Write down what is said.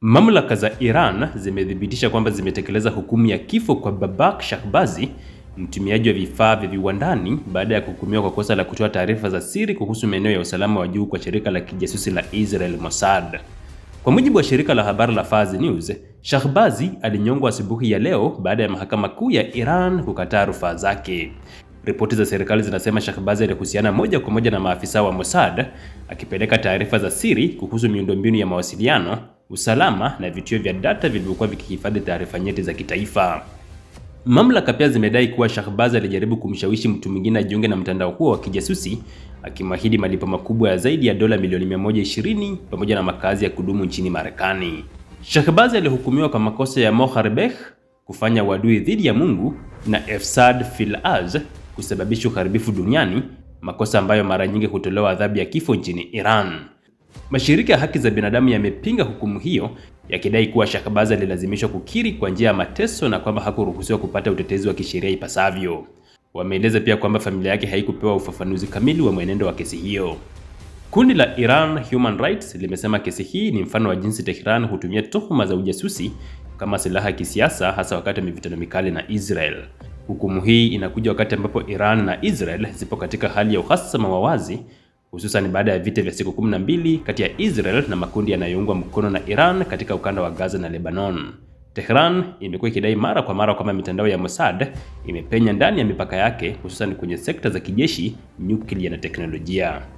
Mamlaka za Iran zimethibitisha kwamba zimetekeleza hukumu ya kifo kwa Babak Shahbazi, mtumiaji wa vifaa vya viwandani baada ya kuhukumiwa kwa kosa la kutoa taarifa za siri kuhusu maeneo ya usalama wa juu kwa shirika la kijasusi la Israel Mossad. Kwa mujibu wa shirika la habari la Fars News, Shahbazi alinyongwa asubuhi ya leo baada ya mahakama kuu ya Iran kukataa rufaa zake. Ripoti za serikali zinasema Shahbazi alihusiana moja kwa moja na maafisa wa Mossad akipeleka taarifa za siri kuhusu miundombinu ya mawasiliano usalama na vitio vya data vilivyokuwa vikihifadhi taarifa nyeti za kitaifa. Mamlaka pia zimedai kuwa Shahbaz alijaribu kumshawishi mtu mwingine ajiunge na mtandao huo wa kijasusi akimwahidi malipo makubwa ya zaidi ya dola milioni 120 pamoja na makazi ya kudumu nchini Marekani. Shahbaz alihukumiwa kwa makosa ya moharbeh, kufanya uadui dhidi ya Mungu na efsad fil kusababisha uharibifu duniani, makosa ambayo mara nyingi hutolewa adhabu ya kifo nchini Iran. Mashirika ya haki za binadamu yamepinga hukumu hiyo yakidai kuwa Shahbazi alilazimishwa kukiri kwa njia ya mateso na kwamba hakuruhusiwa kupata utetezi wa kisheria ipasavyo. Wameeleza pia kwamba familia yake haikupewa ufafanuzi kamili wa mwenendo wa kesi hiyo. Kundi la Iran Human Rights limesema kesi hii ni mfano wa jinsi Tehran hutumia tuhuma za ujasusi kama silaha ya kisiasa hasa wakati wa mivutano mikali na Israel. Hukumu hii inakuja wakati ambapo Iran na Israel zipo katika hali ya uhasama wa wazi hususan baada ya vita vya siku 12 kati ya Israel na makundi yanayoungwa mkono na Iran katika ukanda wa Gaza na Lebanon. Tehran imekuwa ikidai mara kwa mara kwamba mitandao ya Mossad imepenya ndani ya mipaka yake, hususan kwenye sekta za kijeshi, nyuklia na teknolojia.